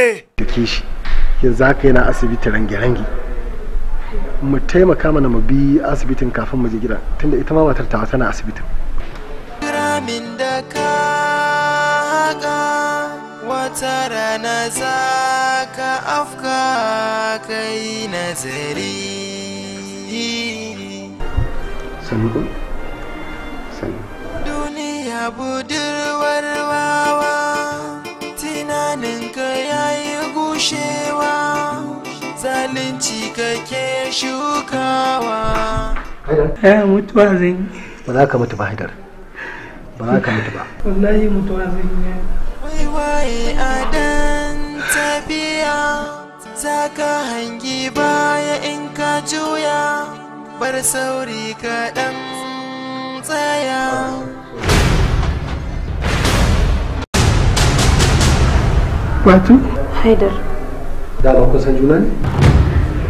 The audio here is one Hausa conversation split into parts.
Dake eh. shi yanzu yi yana asibiti rangi-rangi Mu taimaka mana mu bi asibitin kafin mu je gida tunda ita ma matar tawa tana asibitin. Ramin da ka wata rana za ka afka kai nazari. Sannu Sannu. Duniya budurwar wawa. tunaninka ya yi gushewa zalunci kake shukawa haidar eh, mutuwa zan yi ba za ka mutu ba haidar ba za ka mutu ba wallahi mutuwa zan yi waye adan tafiya za ka hangi baya in ka juya bar sauri kaɗan tsaya Batu? Haidar. Da ba kun san juna ne?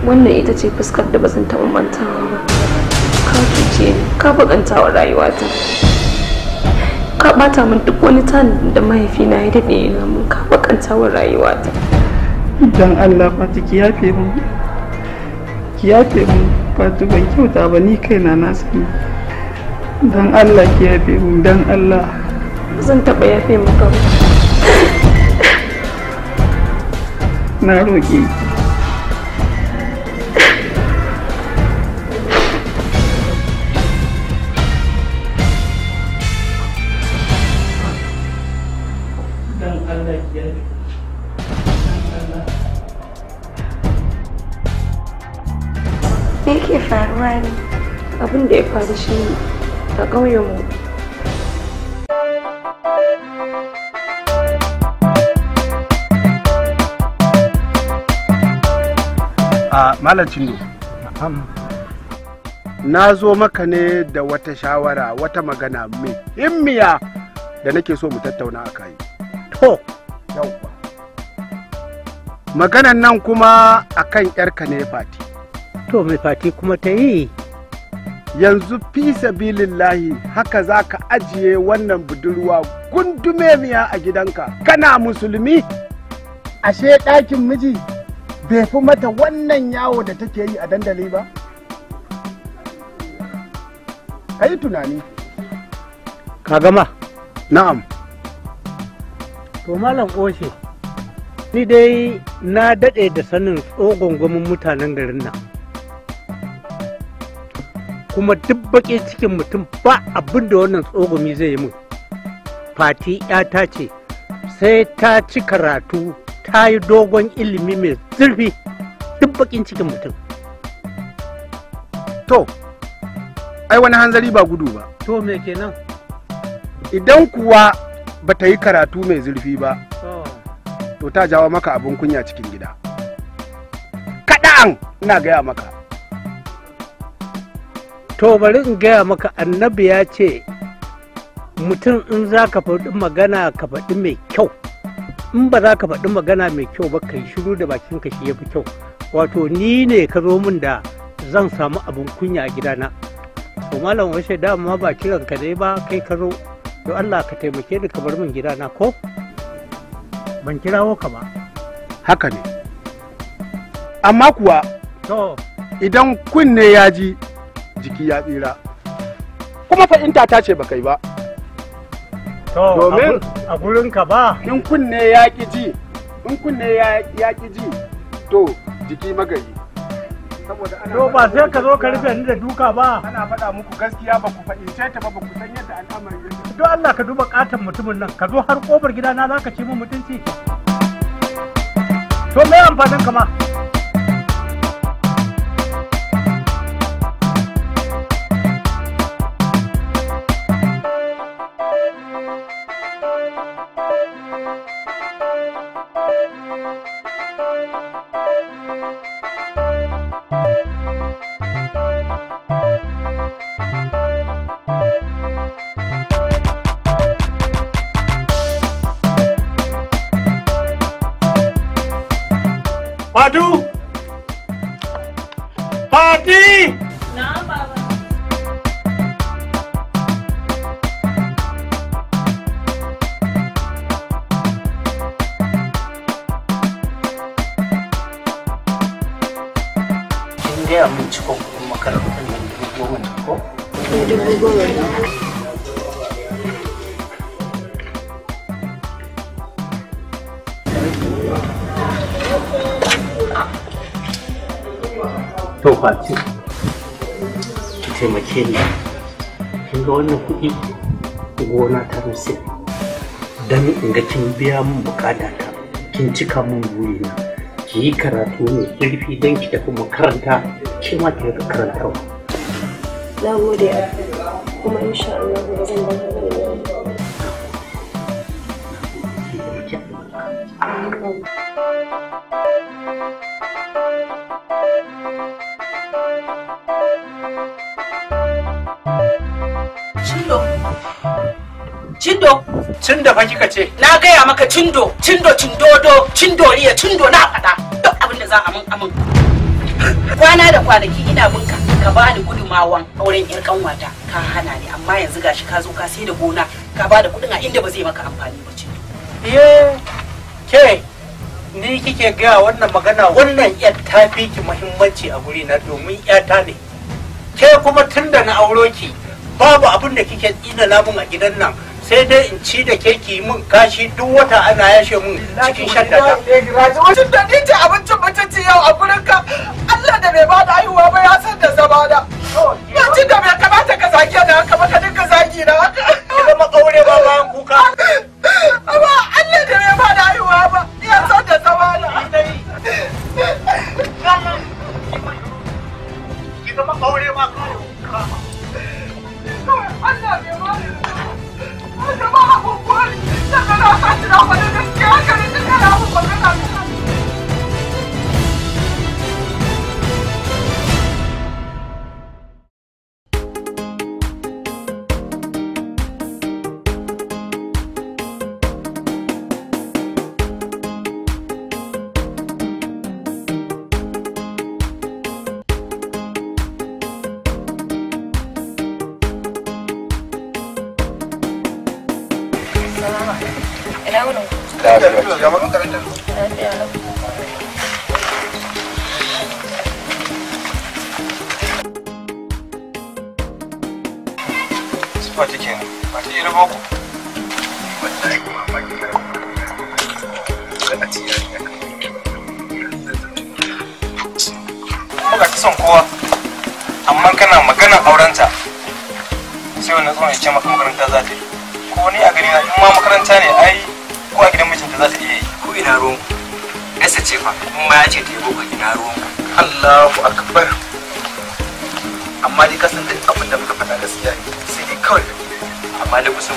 Wannan ita ce fuskar da ba zan taɓa mantawa ba. Ka cuce ni, ka bakanta wa rayuwata. Ka ɓata min duk wani tanin da mahaifina ya daɗe yana mun ka bakanta wa rayuwata. Dan Allah Fatu ki yafe min? Ki yafe mun Fatu ban kyauta ba ni kaina na sani. Dan Allah ki yafe mun dan Allah. Zan taɓa yafe maka ba. na roƙe Me yake faruwa ne abin da ya faru shi a ƙauyenmu a malacin do na zo maka ne da wata shawara wata magana mai himmiya da nake so mu tattauna a kai to maganan nan kuma a kan yarka ne fati to mai fati kuma ta yi yanzu fi sabilillahi haka za ka ajiye wannan budurwa gundume miya a gidanka kana musulmi ashe ɗakin miji bai fi mata wannan yawo da take yi a dandali ba ka yi tunani ka gama na'am to malam oshe ni dai na daɗe da sanin tsogongomin mutanen garin nan kuma duk baƙi cikin mutum ba abin da wannan tsogomi zai yi min fati 'yata ce sai ta ci karatu ta yi dogon ilimi mai zurfi duk bakin cikin mutum to ai wani hanzari ba gudu ba to me kenan idan kuwa ba ta yi karatu mai zurfi ba to ta jawo maka abin kunya cikin gida Kaɗa'an ina gaya maka to bari in gaya maka annabi ya ce mutum in za ka faɗi magana ka faɗi mai kyau in ba za ka faɗi magana mai kyau ba kai shiru da bakin ka shi yafi kyau wato ni ne ka zo min da zan samu abin kunya a gidana to malam da dama ba kiran ka dai ba kai ka zo to Allah ka taimake ni ka bar min gidana ko ban kirawo ka ba haka ne amma kuwa to idan kunne ya ji jiki ya tsira kuma fa'inta ta ce ba kai ba domin a gurin ka ba in kunne ya ki ji in kunne ya ki ji to jiki magari saboda to ba sai ka zo ka rufe ni da duka ba ana faɗa muku gaskiya ba ku fahimce ta ba ba ku san yadda al'amarin yake to Allah ka duba katon mutumin nan ka zo har kofar gidana zaka ce mu mutunci to me amfanin ka ma kuɗi gona ta musu don in ga kin biya min bukata ta kin cika min buri na ki yi karatu mai kirfi don ki tafi makaranta ki ma ki rika Na gode kuma insha Allah ba zan ba Thank you. Cindo. Cindo fa kika ce. Na gaya maka cindo, cindo cindodo, cindo cindo na faɗa. Duk abin da za a mun amin. Kwana da kwanaki ina binka ka ba ni gudumawan auren yar kanwata ka hana ni amma yanzu gashi ka zo ka sai da gona ka ba da kuɗin a inda ba zai maka amfani ba cindo. Ye ke ni kike gaya wannan magana wannan yar ta fi ki muhimmanci a guri na domin yata ne. Ke kuma tun na auro ki babu abin da kike tsina lamun a gidan nan sai dai in ci da keki mun kashi duk wata ana yashe mun cikin shan da ta. da ni ce abincin mutunci yau a gurin ka Allah da bai bada haihuwa ba ya san da zama da. Ya ci da bai kamata ka zagi na haka ba ka dinka zagi na haka. Ina zama kaure ba bayan kuka. Amma Allah da bai bada haihuwa ba ya san da zama da. Ki zama kaure ma kawai. 아,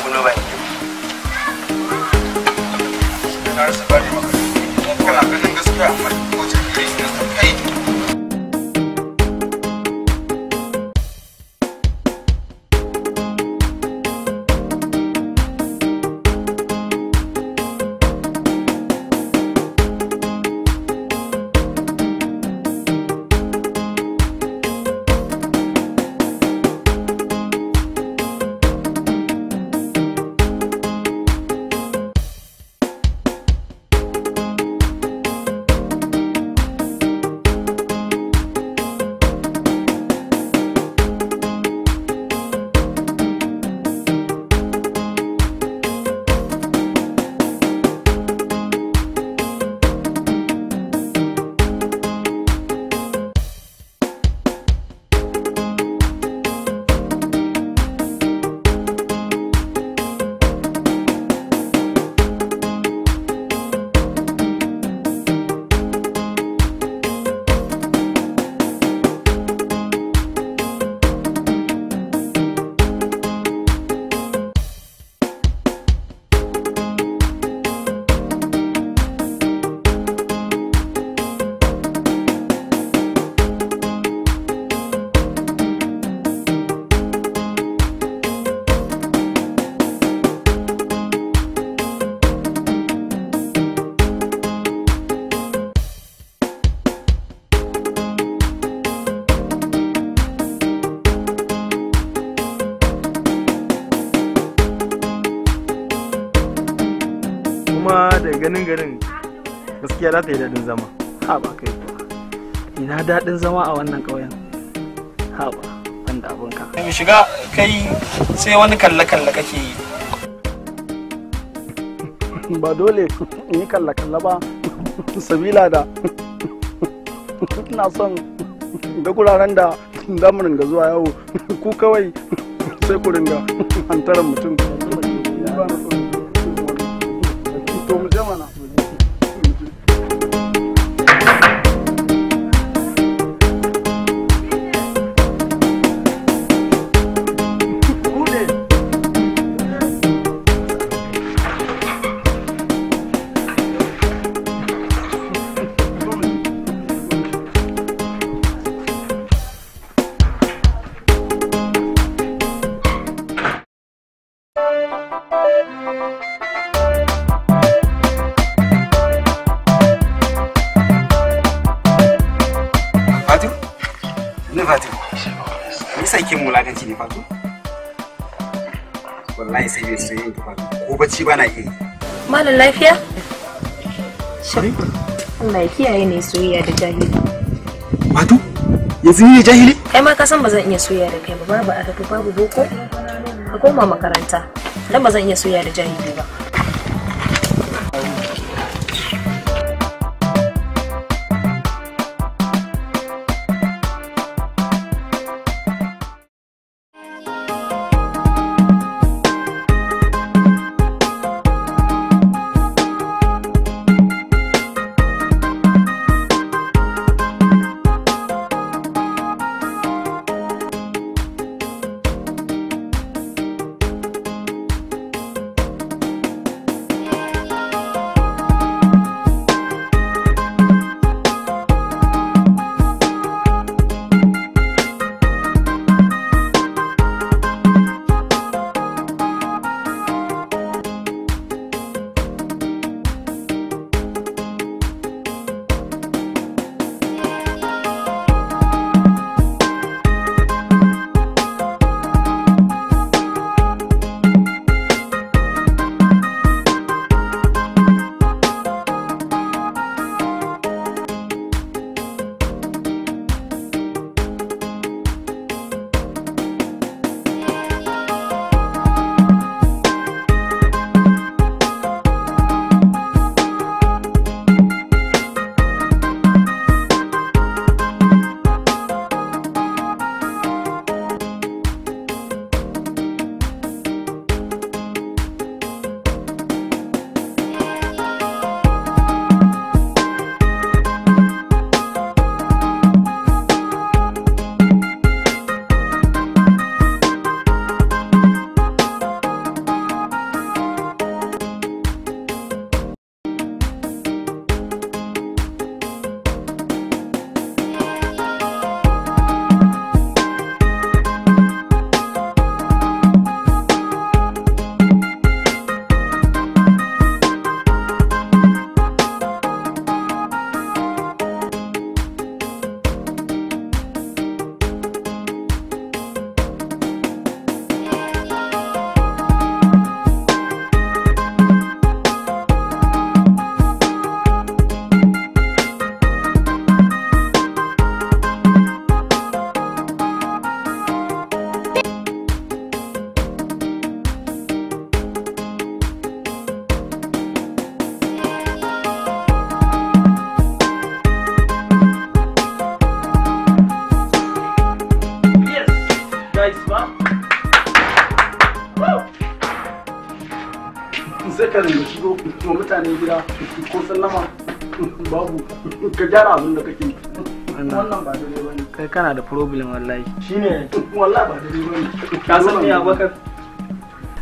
bunuh baik harus sebagai kenapa kan gak za ta yi daɗin zama ha ba kai kuwa ina daɗin zama a wannan ƙauyen ha ba wanda ka mu shiga kai sai wani kalle-kalle kake yi ba dole in yi kalle-kalle ba sabila da ina son da guraren da za mu ringa zuwa yawo ku kawai sai ku ringa hantaran mutum kan ci ne fatu wallahi sai bai so yau da fatu ko bacci ba na yi. malam lafiya Allah ya kiya ne soyayya da jahili fatu yanzu ni ne jahili kai ma ka san ba zan iya soyayya da kai ba babu arabu babu boko ka koma makaranta dan ba zan iya soyayya da jahili ba gyara abin da kake wannan ba kai kana da problem wallahi shine wallahi ba daidai ka san abakar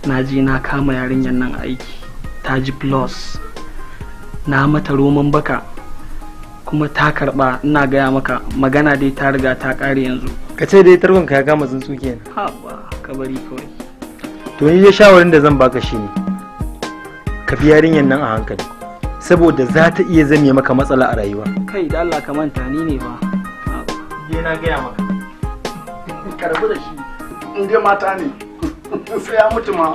na ji na kama yarinyar nan aiki ta ji plus na mata roman baka kuma ta karba ina gaya maka magana dai ta riga ta kare yanzu ka ce dai tarkon ka ya gama suke ne ha ba ka bari kawai to ni dai shawarin da zan baka shine ka bi yarinyar nan a hankali saboda za ta iya zame maka matsala a rayuwa kai da Allah ka manta ni ne ba je na gaya maka karbu da shi in dai mata ne sai ya mutu ma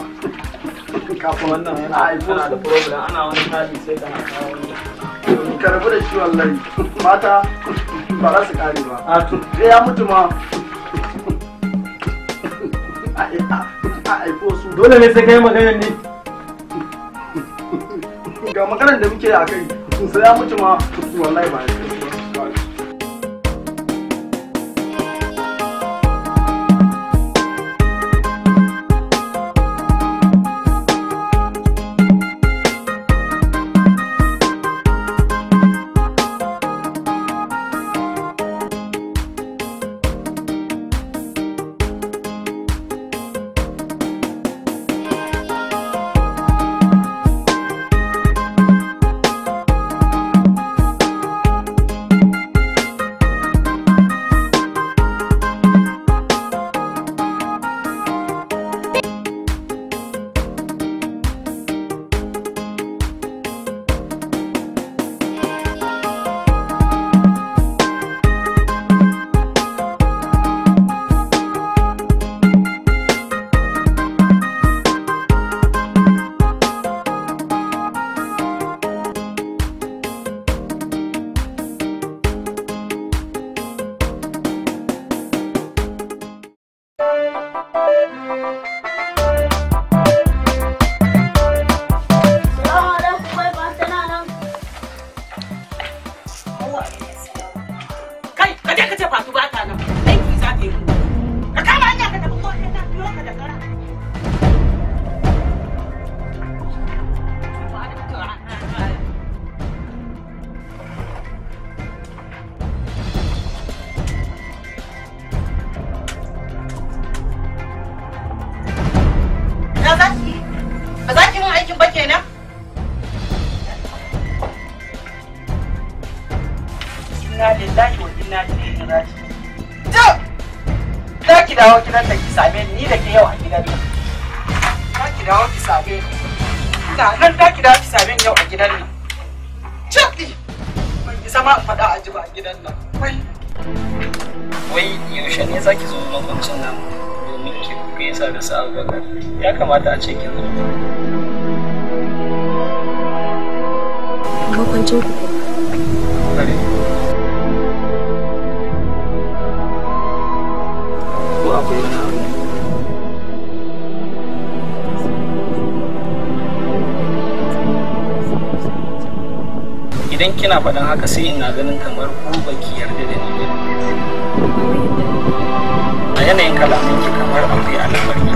kafin wannan yana haifo da problem ana wani tabi sai ka na kawo karbu da shi wallahi mata ba za su kare ba a to sai ya mutu ma a haifo su dole ne sai kai magana ne ga maganar da muke a kai sun sai ya mutu ma wallahi ba kamata a ce ki zo idan kina faɗin haka sai ina ganin kamar ku baki yarda da ni a yanayin ki kamar akwai alamar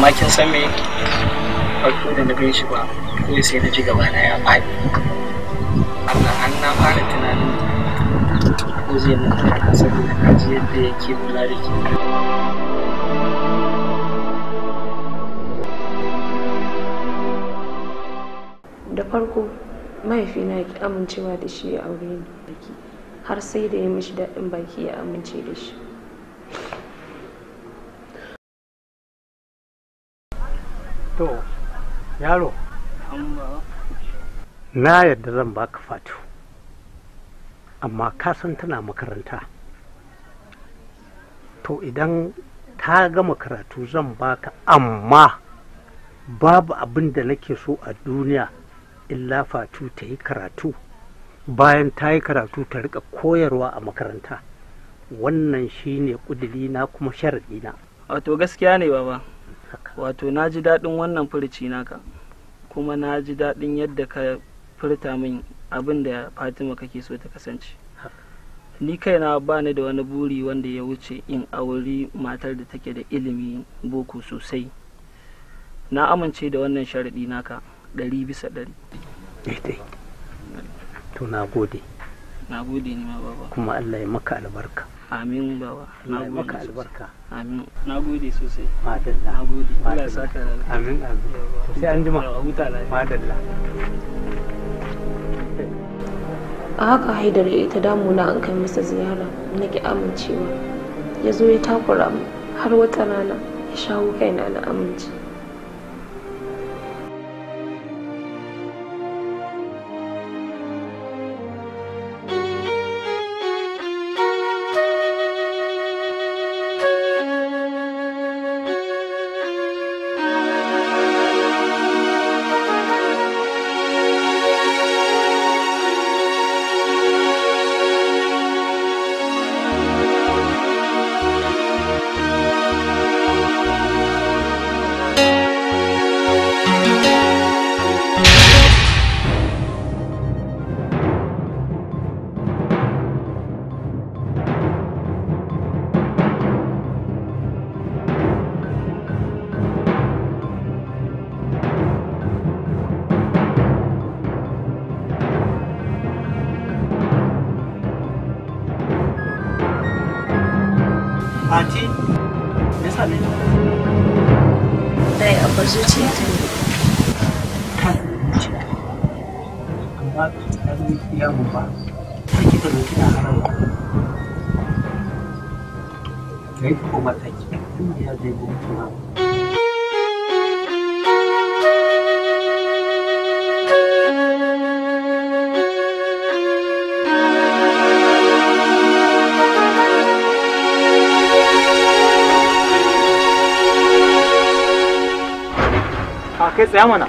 amma kin san me farko da na gan shi ba ko sai na ji gaba na ya faɗi amma an na fara tunanin ko zai mun haka saboda na ji yadda yake mula da ke da farko mahaifina ya ki amincewa da shi ya aure ni har sai da ya mishi daɗin baki ya amince da shi yaro na yadda zan baka fatu amma ka san tana makaranta to idan ta gama karatu zan baka amma babu abin da nake so a duniya illa fatu ta yi karatu bayan ta yi karatu ta rika koyarwa a makaranta wannan shine na kuma sharaɗina wato gaskiya ne baba wato na ji daɗin wannan furci naka kuma na ji daɗin yadda ka furta min abin da fatima kake so ta kasance ni kaina ba ni da wani buri wanda ya wuce in auri matar da take da ilimi boko sosai na amince da wannan sharaɗi naka ɗari bisa ɗari na gode ni ma baba kuma allah ya maka albarka amin bawa na gode albarka amin na gode sosai madalla na gode Allah ya saka amin amin sai an jima huta lafiya madalla a haka haidar ya yi ta damuna an kai masa ziyara na ki amincewa ya zo ya takura mu har wata rana ya shawo kaina na amince saya mana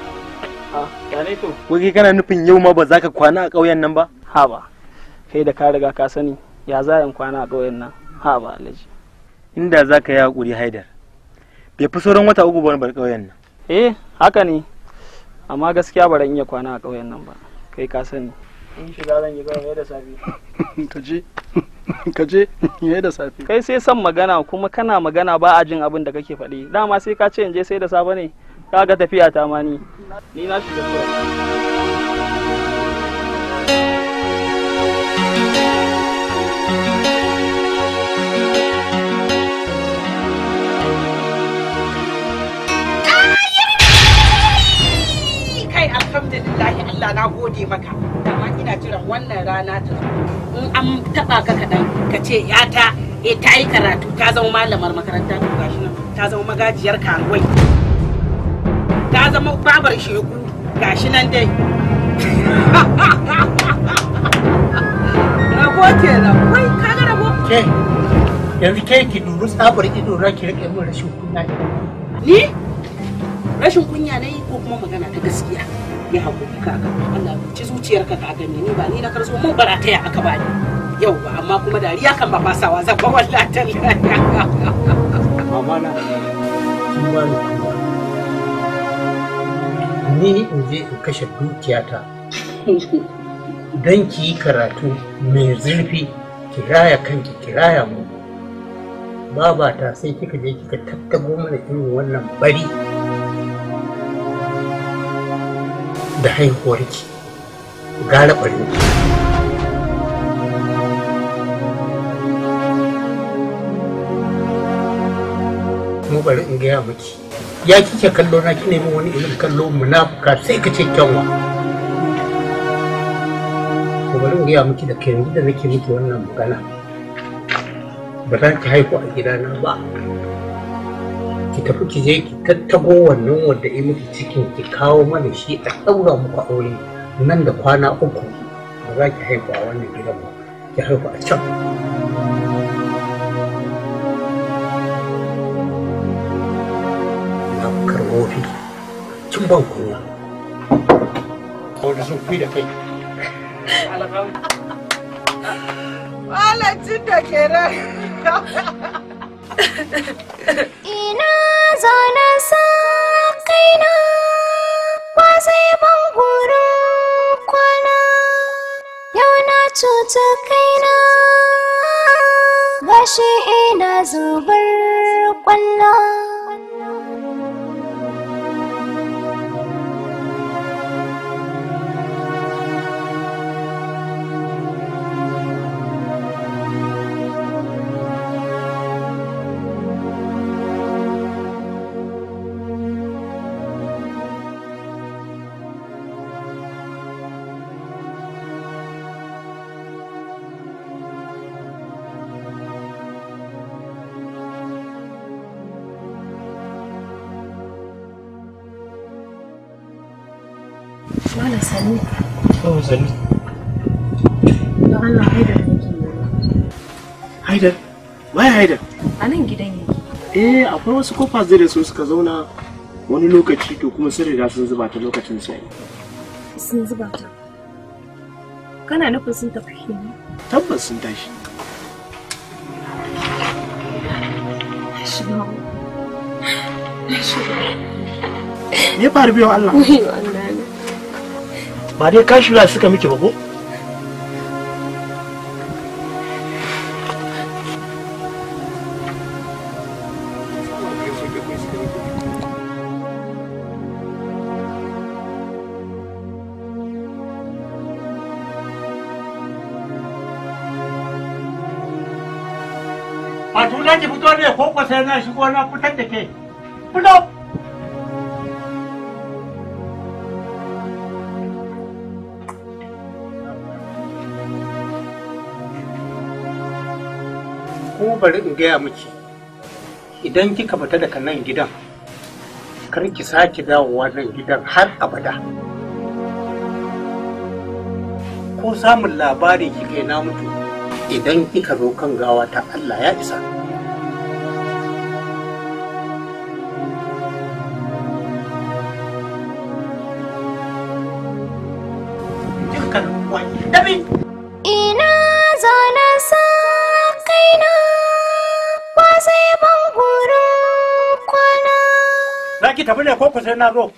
wai kana nufin yau ma ba za ka kwana a ƙauyen nan ba ha ba kai da ka riga ka sani ya za in kwana a ƙauyen nan ha ba alhaji inda za ka yi haƙuri haidar bai fi sauran wata uku ba bar ƙauyen nan eh haka ne amma gaskiya ba ran iya kwana a ƙauyen nan ba kai ka sani in shiga zan yi kawai da safe ka je ka je yayi da safe kai sai son magana kuma kana magana ba a jin abin da kake faɗi dama sai ka ce in je sai da safe ne kaga tafiya ta ma ni ni na shiga alhamdulillah, Allah na gode maka dama ina jiran wannan rana ta in an taba ka kaɗan ka ce yata e eh, ta yi karatu ta zama malamar makaranta gashi nan ta zama magajiyar karuwai zama babar sheku gashi nan dai ka ga rabo ke yanzu ke ki dubi tsabar ido na ki rike rashin kunya ni rashin kunya na yi ko kuma magana ta gaskiya ya haƙuri kaga Allah ci zuciyarka ka gane ni ba ni na karso mun bara taya aka bani ba amma kuma dariya kan ba fasawa zan ba wallahi amana kin ni in je in kashe dukiyata don ki yi karatu mai zurfi kiraya kanki kiraya mu babata sai kika je kika tattago mana irin wannan bari da haihuwarki gara ɓarin mu bari in gaya miki ya kike kallo na ki nemi wani irin kallo munafuka sai ka ce kyanwa ko bari in gaya miki da kai yanzu da nake miki wannan magana ba za ki haihu a gidana ba ki tafi ki je ki tattago wannan wanda ya miki cikin ki kawo mana shi a ɗaura muku aure nan da kwana uku ba za ki haihu a wannan gidan ba ki haihu a can un kunya saboda sun da kai da ke Ina zana sa kaina ba yau na kaina ina zubar kwallon. eh akwai wasu kofa zai da su suka zauna wani lokaci to kuma sun riga sun zuba ta lokacin sai sun zuba ta kana nufin sun tafi ne. tabbas sun tashi ne me faru biyo Allah ba dai kashi suka miki ba ko yanzu ki fito ne ko ko sai na shigo na fitar da kuma bari in gaya miki idan kika fita daga nan gidan kar ki sake dawowa nan gidan har abada ko samun labari kika na mutu idan kika zo kan gawa ta Allah ya isa. na zo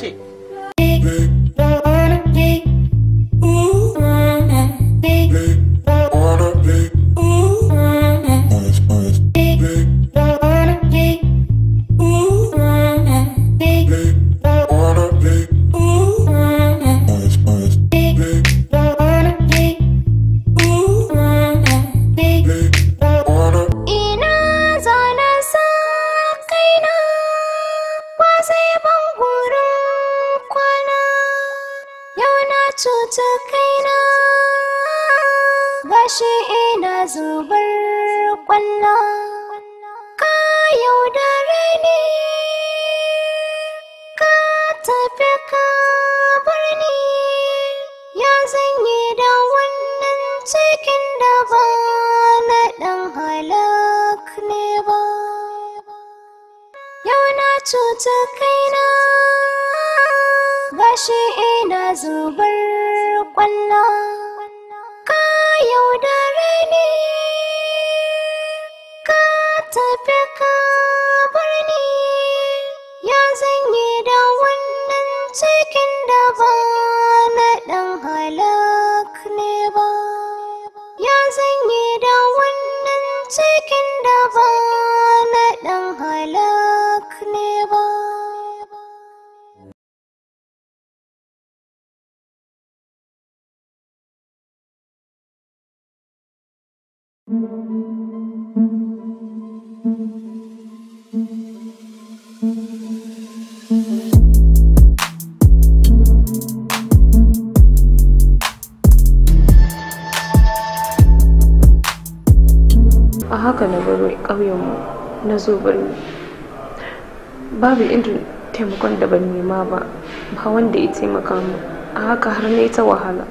ce zo birni babu irin taimakon da ban nema ba ba wanda ya taimaka mu a haka har na ta wahala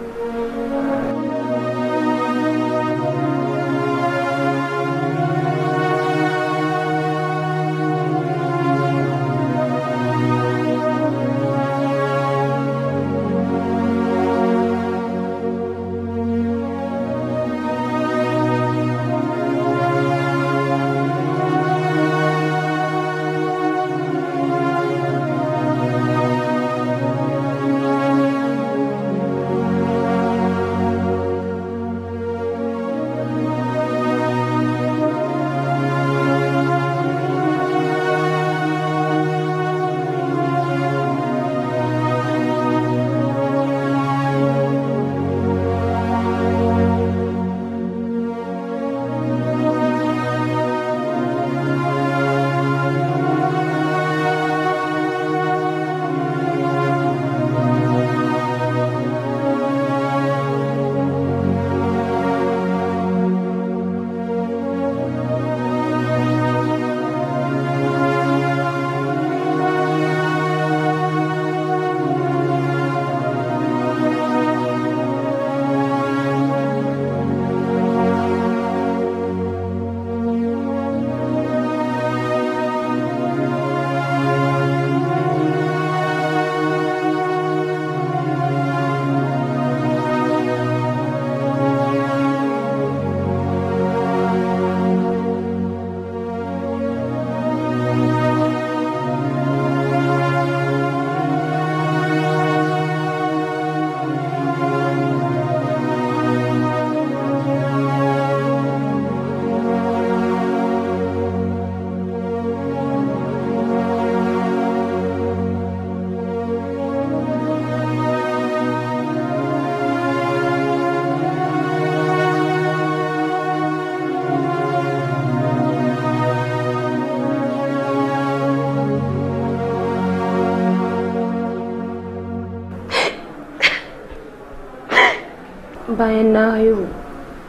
bayan na haihu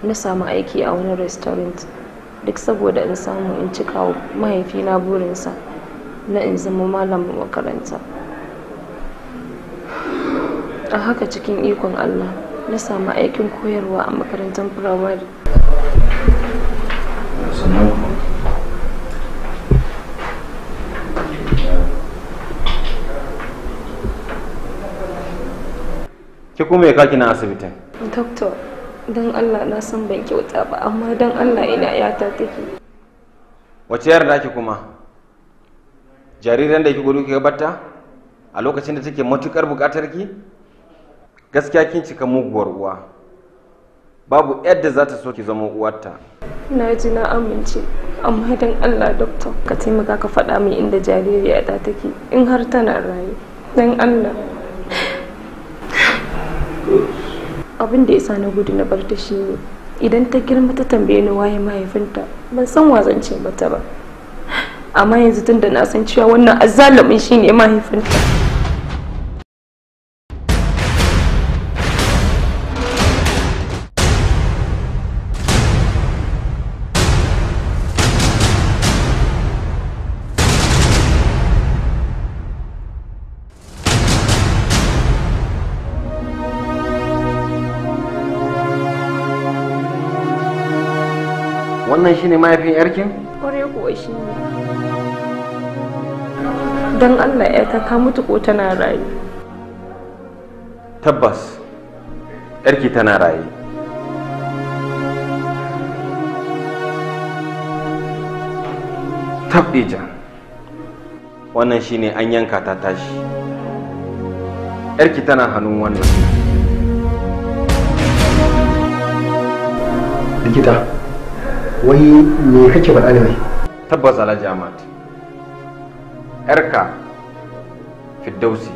na samu aiki a wani restaurant duk saboda in samu in cika wa mahaifina burinsa na in zama malamin makaranta a haka cikin ikon allah na samu aikin koyarwa a makarantar firamare ki kuma ya kaki na asibitin Doktor, don Allah na san ban kyauta ba, amma don Allah ina yata take. Wace yar naki kuma? Jariran da ki gudu kika bata A lokacin da take matukar buƙatar ki? Gaskiya kin cika muguwar uwa. Babu yadda za ta so ki zama uwarta. Na ji na amince, amma don Allah doctor ka taimaka ka faɗa min inda ta take in har tana raye. Don Allah. abin da ya sa na gudu na barta ta shi ne idan ta girma ta tambaye ni waye mahaifinta ban san wazance mata ba amma yanzu tunda na san cewa wannan azzalumin shi ne mahaifinta wannan shine mahaifin yarkin ƙwarai kuwa shi ne don allah ya ta ka mutu ko tana rayu tabbas yarki tana raye tabbija wannan shine an yanka ta tashi yarki tana hannun wannan likita wai me kake faɗa ne tabbas alhaji ahmad yarka Fiddausi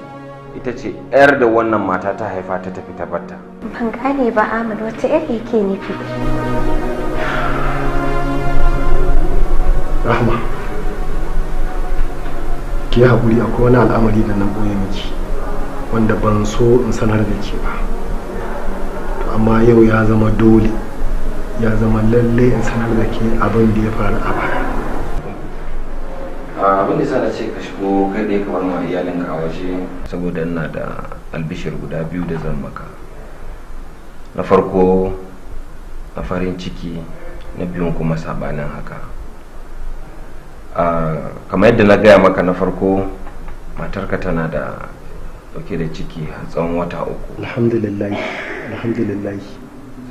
ita ce yar da wannan mata ta haifa ta tafi tabbata ban gane ba ahmad wata yar yake nufi rahma ki haƙuri akwai wani al'amari da na goye miki wanda ban so in sanar da ke ba amma yau ya zama dole ya zama lalle in sanar da ke abin da ya faru a baya ah, abin da sana ce ka shigo kai da ya kamar ma iyalin ka waje saboda ina da albishir guda biyu da zan maka na farko na farin ciki na biyun kuma sabanin haka ah, kamar yadda na gaya maka na farko matarka tana da dauke da ciki a tsawon wata uku alhamdulillah alhamdulillah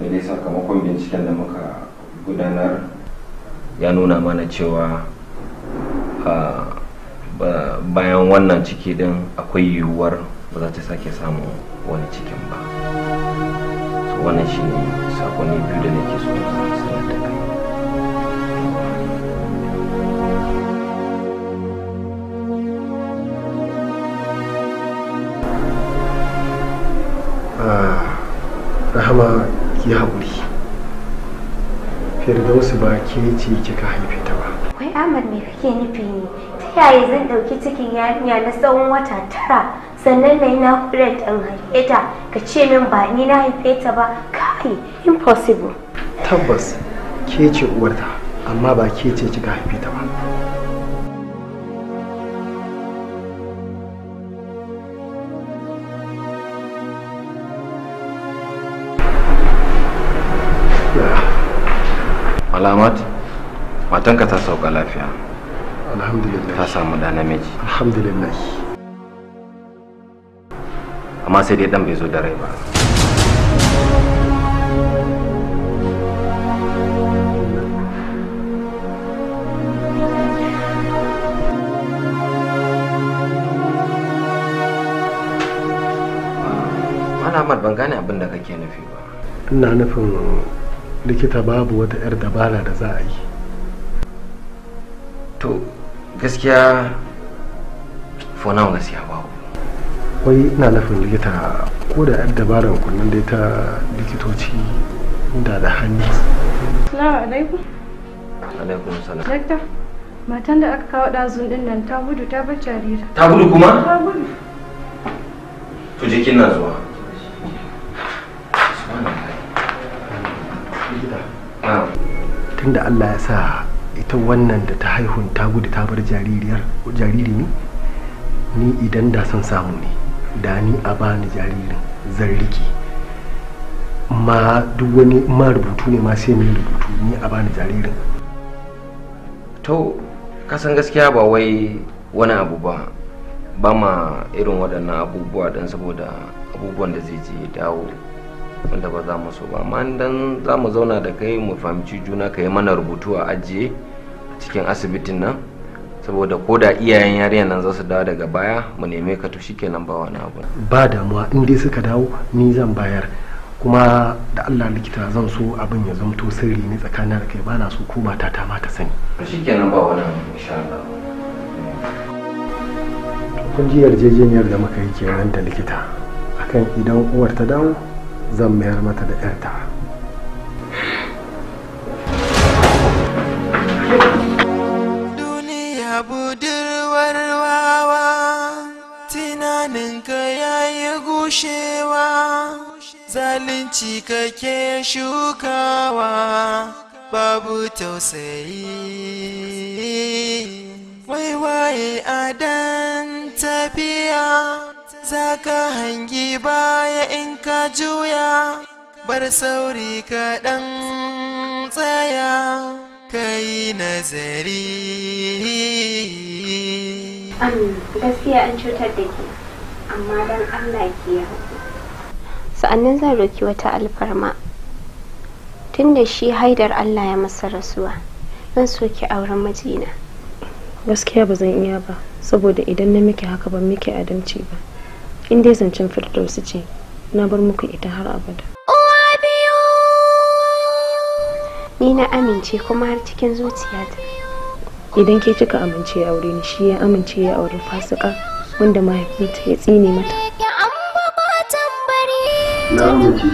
sai dai sakamakon binciken da muka gudanar ya nuna mana cewa bayan wannan ciki din akwai yiwuwar ba za ta sake samun wani cikin ba wannan shi ne sakonni biyu da nake so ah, rahama ki haƙuri firdausu ba ke ce kika haife ta ba kai ahmad me kake nufi ne ta yaya zan ɗauki cikin yarinya na tsawon wata tara sannan na yi da ɗan haife ta ka ce min ba ni na haife ta ba kai impossible tabbas ke ce uwarta amma ba ke ce kika haife ta ba malamat matanka ta sauka lafiya alhamdulillah ta samu da namiji alhamdulillah amma sai dai dan bai zo da rai ba Ahmad ban gane abin da kake nufi ba. Ina nufin likita babu wata 'yar dabara da za a yi to gaskiya fonawa now gaskiya babu wai ina nufin likita ko da 'yar dabaran kunnan da ta likitoci da da hannu salamu alaikum alaikum salam dakta matan da aka kawo ɗazun din nan ta gudu ta bar jarira ta gudu kuma ta gudu to je na zuwa da Allah ya sa ita wannan da ta haihun ta gudu ta bar jaririyar jariri ne ni idan da son samu ne da ni a bani jaririn zan riki ma duk wani ma rubutu ne ma sai mai rubutu ni a bani jaririn to kasan gaskiya ba wai wani abu ba ba ma irin waɗannan abubuwa don saboda abubuwan da zai je dawo wanda ba za mu so ba amma dan za mu zauna da kai mu fahimci juna ka yi mana rubutu a ajiye a cikin asibitin nan saboda ko da iyayen yarinyar nan za su dawo daga baya mu neme ka to shikenan ba wani abu ba damuwa in dai suka dawo ni zan bayar kuma da Allah likita zan so abin ya zamto sirri ne tsakanin da kai ba na so ko mata ta ma ta sani shikenan ba wani insha Allah kun ji yarjejeniyar da muka yi kenan da likita akan idan uwar ta dawo zan mayar mata da 'yarta duniya budurwar wawa tunaninka ya yi gushewa zalunci kake shukawa babu tausayi waiwaye adan tafiya za ka hangi baya in ka juya bar sauri kaɗan tsaya ka yi nazari gaskiya an cutar da ke amma don allah ke sa'annan zan roki wata alfarma tun da shi haidar allah ya masa rasuwa zan soki auren majina. gaskiya ba zan iya ba saboda idan na miki haka ban miki adamci ba in dai zancen firdausi ce na bar muku ita har abada ni na amince kuma har cikin zuciyata idan ke cika amince ya aure ni shi ya amince ya aure fasika wanda mahaifinta ya tsine mata na amince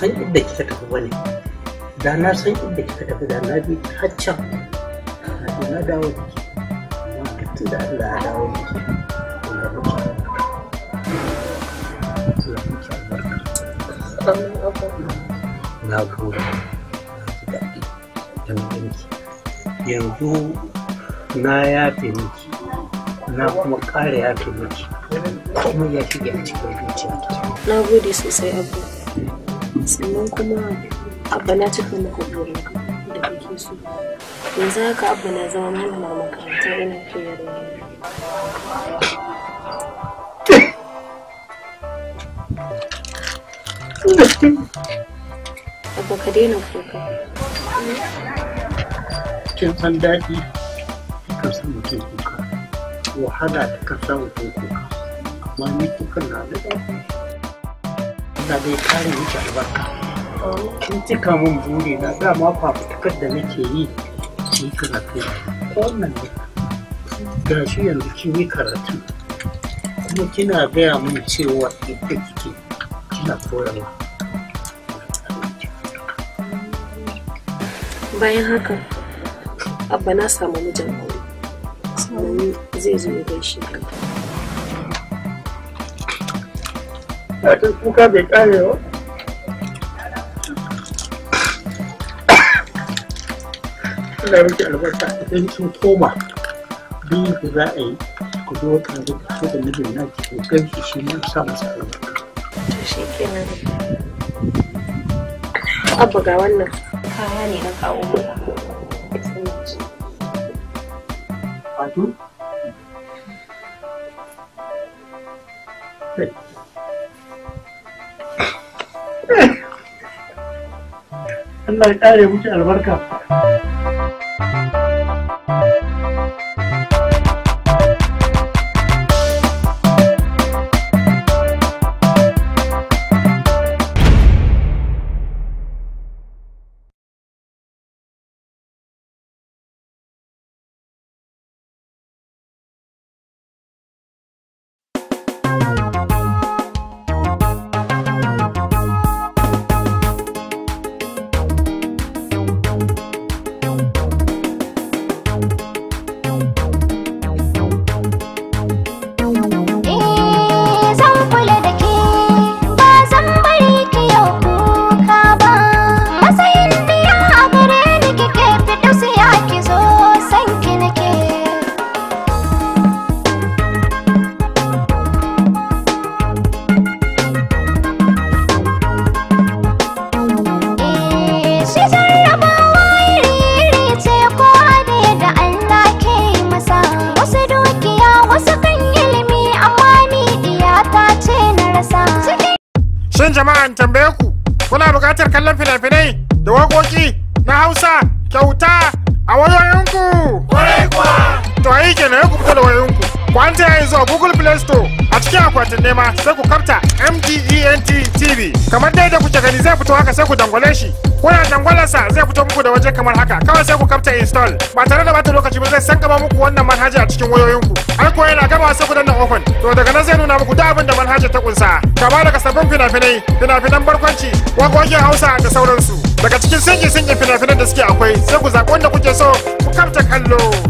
san inda kika tafi bane da na san inda kika tafi da na bi har can na dawo da ke da Allah ya na gode sosai abu sannan kuma abba na cika maka da kake so yanzu haka abba na zama malama makaranta ina koyarwa abba ka daina kuka kin san daɗi ka san mutum kuka wahala ta ka san mutum kuka amma ni kuka na da da bai kare miki albarka kin cika mun buri na da ma dama fafutukar da nake yi ki yi karatu ko wannan ga shi yanzu ki yi karatu kuma kina gaya mun cewa ita kike kina koyarwa bayan haka abba na samu mijin aure sannan zai zo ya gaishe ka Katin kuka bai kare ba. Ina miki albarka idan kin koma biyu da za a yi ku zo ka zo da mijin na ki ko kan ki shi mun sa masa albarka. ga wannan kaya ne na kawo maka. Andar, abre mucho mucha albarca. to haka sai ku dangwale shi dangwala sa zai fito muku da waje kamar haka kawai sai ku kamta install ba tare da bata lokaci ba zai san gaba muku wannan manhaji a cikin wayoyinku har ko yana gama sai ku danna open to daga nan zai nuna muku duk abin da manhaji ta kunsa kama daga sabbin fina-finai fina-finan barkwanci waƙoƙin hausa da sauransu daga cikin sinki-sinki fina da suke akwai sai ku zaɓi wanda kuke so ku kamta kallo.